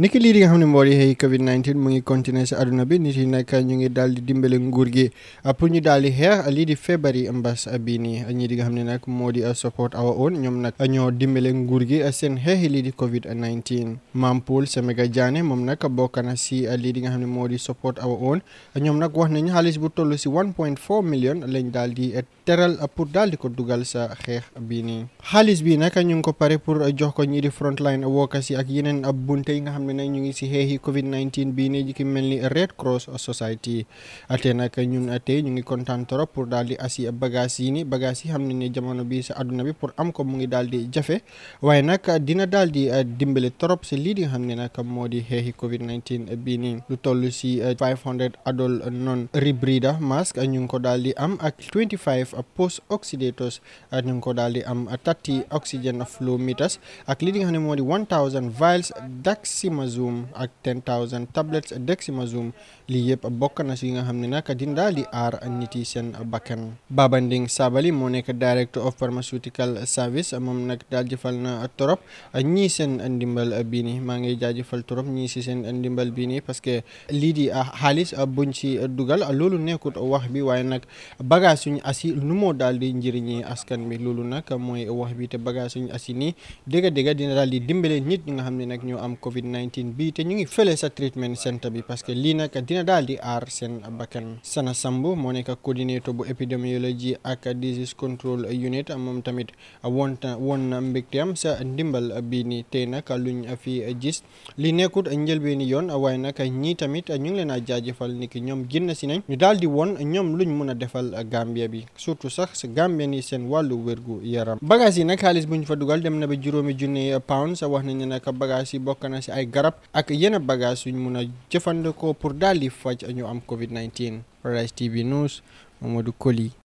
niki lii di nga xam ne moo di xëy Covid 19 mu ngi continuer si àdduna bi nit yi nag ñu ngi daal di dimbale nguur gi ah, pour ñu daal di xeex lii di feebar yi mbas bii nii ñii di nga xam ne nag moo di support our own ñoom nag ñoo dimbale nguur gi seen xeexi lii di Covid 19. Mam Poul Semega Jaane moom nag bokk na si lii di nga xam ne moo di support our own ñoom nag wax nañu xaalis bu toll si 1.4 million lañ daal di teral pour daal di ko dugal sa xeex bii nii. xaalis bi nag ñu ngi ko pare pour jox ko ñii di frontline workers yi ak yeneen bunte yi nga xam mi nag ñu ngi si xeexi covid 19 bii nii ki mel Red Cross Society ate nag ñu ngi kontaan trop pour daal di asi bagage yi ni bagage yi xam ne ne jamono bi sa àdduna bi pour am ko mu ngi daal di jafe waaye nag dina daal di eh, dimbale trop si lii di nga xam ne nag moo di xeexi covid 19 bii nii lu toll si 500 eh, adult non rebreather mask ñu ngi ko daal di am ak post oxidators eh, ñu ngi ko daal di am 30 oxygen flow meters ak lii di nga xam ne moo di 1000 vials daxi Maximazome ak 10000 tablets Dexamethasone lii yëpp bokk na si yi nga xam ne nag dindaa di aar a yi seen bakkan Babanding Sabali moo nekk director of pharmaceutical service moom nag fal na torop ñii seen ndimbal bii nii maa ngi jaajëfal torop ñii si seen ndimbal bi nii parce que lii di a xaalis buñ ci dugal a loolu nekkut wax bi waaye nag bagage suñu asi nu moo daal di njëriñi askan bi nag mooy wax bi te bagage nii dégg-dégg dina daal di dimbale nit ñi nga xam ne nag ñoo am covid 19 bi te ñu ngi fële sa treatment centre bi parce que lii nag dina daal aar seen bakkan Sana Samb moo nekk coordinateur bu épidémiologie ak disease control unit moom tamit woon na woon na mbégteem sa ndimbal bi ni tey nag luñ fi gis li nekkut njëlbeeni yoon waaye nag ñi tamit ñu ngi leen a jaajëfal ni ki ñoom génn si nañ ñu daal di woon ñoom luñ mun a defal Gambia bi surtout sax Gambia ni seen wàllu wérgu yaram bagage yi nag xaalis buñ fa garab ak yenn bagage ñu mun a jëfandikoo pour daal di faj ñu am covid-19 Paradise TV News Mamadou Koli